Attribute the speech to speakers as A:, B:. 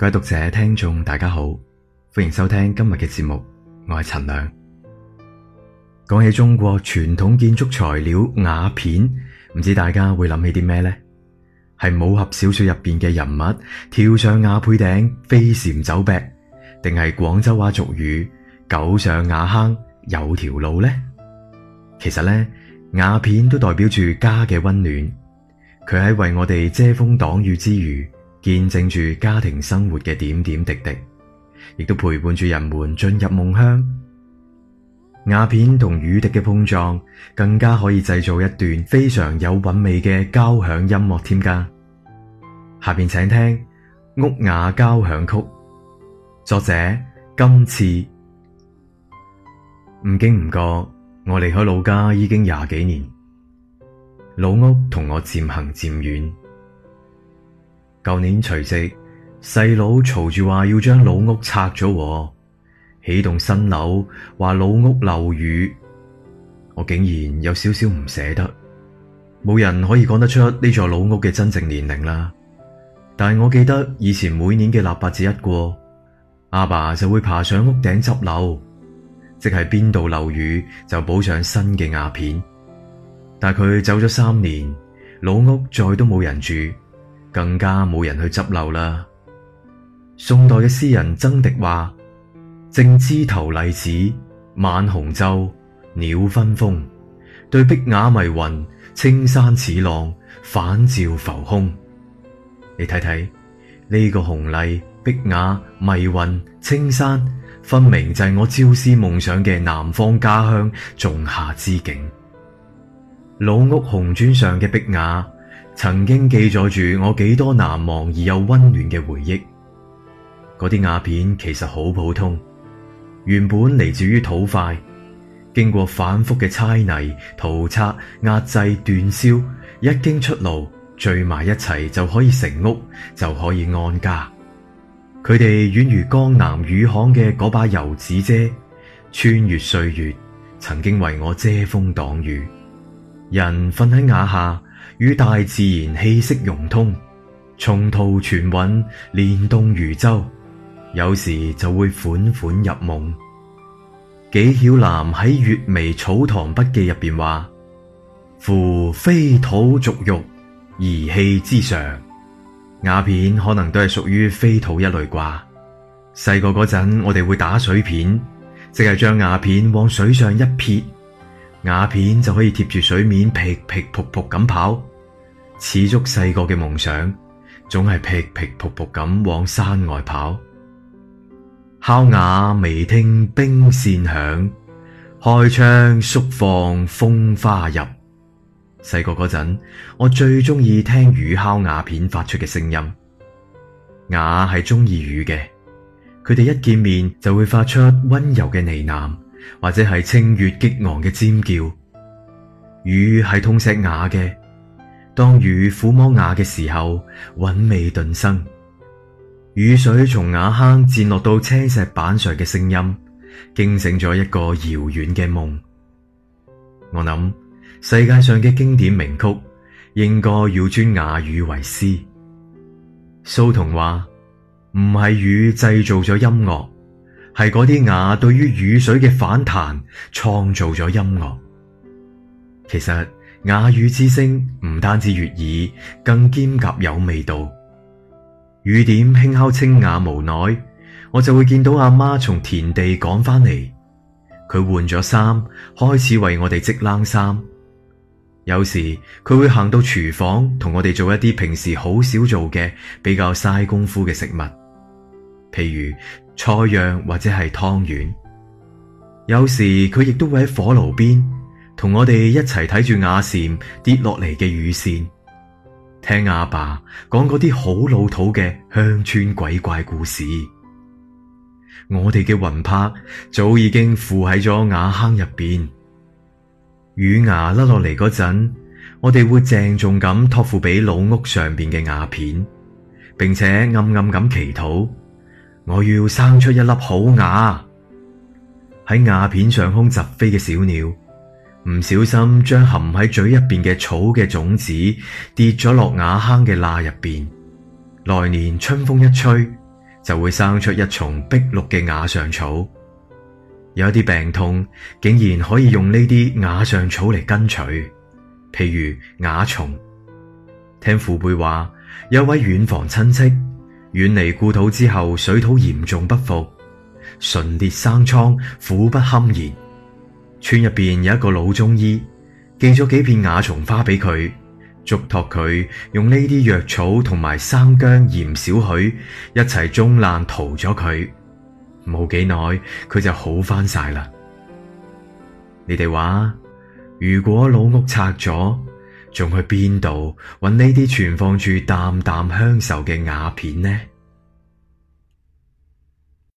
A: 各位讀者、聽眾大家好，歡迎收聽今日嘅節目，我係陳亮。講起中國傳統建築材料瓦片，唔知大家會諗起啲咩呢？係武俠小說入邊嘅人物跳上瓦背頂飛檐走壁，定係廣州話俗語狗上瓦坑有條路呢？其實呢，瓦片都代表住家嘅溫暖，佢喺為我哋遮風擋雨之餘。見證住家庭生活嘅點點滴滴，亦都陪伴住人們進入夢鄉。瓦片同雨滴嘅碰撞，更加可以製造一段非常有韻味嘅交響音樂添加。下面請聽《屋瓦交響曲》，作者甘熾。唔經唔覺，我離開老家已經廿幾年，老屋同我漸行漸遠。舊年除夕，細佬嘈住話要將老屋拆咗，起棟新樓。話老屋漏雨，我竟然有少少唔捨得。冇人可以講得出呢座老屋嘅真正年齡啦。但係我記得以前每年嘅臘八節一過，阿爸就會爬上屋頂執漏，即係邊度漏雨就補上新嘅瓦片。但佢走咗三年，老屋再都冇人住。更加冇人去執漏啦。宋代嘅詩人曾覿話：正枝頭荔子，晚紅皺，裊熏風，對碧瓦迷雲，青山似浪，返照浮空。你睇睇呢個紅荔碧瓦迷雲青山，分明就係我朝思夢想嘅南方家鄉仲夏之景。老屋紅磚上嘅碧瓦。曾經記載住，住我幾多難忘而又溫暖嘅回憶，嗰啲瓦片其實好普通，原本嚟自於土塊，經過反覆嘅猜泥、塗刷、壓制、煅燒，一經出爐，聚埋一齊就可以成屋，就可以安家。佢哋宛如江南雨巷嘅嗰把油紙遮，穿越歲月，曾經為我遮風擋雨。人瞓喺瓦下。與大自然氣息融通，松濤泉韻，蓮動漁舟，有時就會款款入夢。紀曉嵐喺《閱微草堂筆記》入邊話：夫飛土逐肉，兒戲之常。瓦片可能都係屬於飛土一類啩。細個嗰陣，我哋會打水片，即係將瓦片往水上一撇。瓦片就可以貼住水面劈劈撲撲咁跑，似足細個嘅夢想，總係劈劈撲撲咁往山外跑。敲瓦微聽冰線響，開窗倏放風花入。細個嗰陣，我最中意聽雨敲瓦片發出嘅聲音。瓦係中意雨嘅，佢哋一見面就會發出溫柔嘅呢喃。或者係清越激昂嘅尖叫，雨係疼錫瓦嘅。當雨撫摸瓦嘅時候，韻味頓生。雨水從瓦坑濺落到青石板上嘅聲音，驚醒咗一個遙遠嘅夢。我諗，世界上嘅經典名曲，應該要尊瓦雨為師。蘇童話，唔係雨製造咗音樂。係嗰啲瓦對於雨水嘅反彈，創造咗音樂。其實瓦雨之聲唔單止悅耳，更兼夾有味道。雨點輕敲青瓦，冇耐我就會見到阿媽，媽從田地趕返嚟，佢換咗衫，開始為我哋織冷衫。有時佢會行到廚房，同我哋做一啲平時好少做嘅比較嘥功夫嘅食物，譬如。菜樣或者係湯圓，有時佢亦都會喺火爐邊同我哋一齊睇住瓦檐跌落嚟嘅雨線，聽阿爸講嗰啲好老土嘅鄉村鬼怪故事。我哋嘅魂魄早已經附喺咗瓦坑入邊，乳牙甩落嚟嗰陣，我哋會鄭重咁託付俾老屋上邊嘅瓦片，並且暗暗咁祈禱。我要生出一粒好牙。喺瓦片上空疾飛嘅小鳥，唔小心將含喺嘴入邊嘅草嘅種子跌咗落瓦坑嘅罅入邊。來年春風一吹，就會生出一叢碧綠嘅瓦上草。有啲病痛，竟然可以用呢啲瓦上草嚟根除，譬如瓦松。聽父輩話，有位遠房親戚。遠離故土之後，水土嚴重不服，唇裂生瘡，苦不堪言。村入邊有一個老中醫，寄咗幾片瓦松花俾佢，囑託佢用呢啲藥草同埋生薑、鹽少許一齊舂爛，塗咗佢。冇幾耐，佢就好翻晒啦。你哋話，如果老屋拆咗，仲去邊度揾呢啲存放住淡淡鄉愁嘅瓦片呢？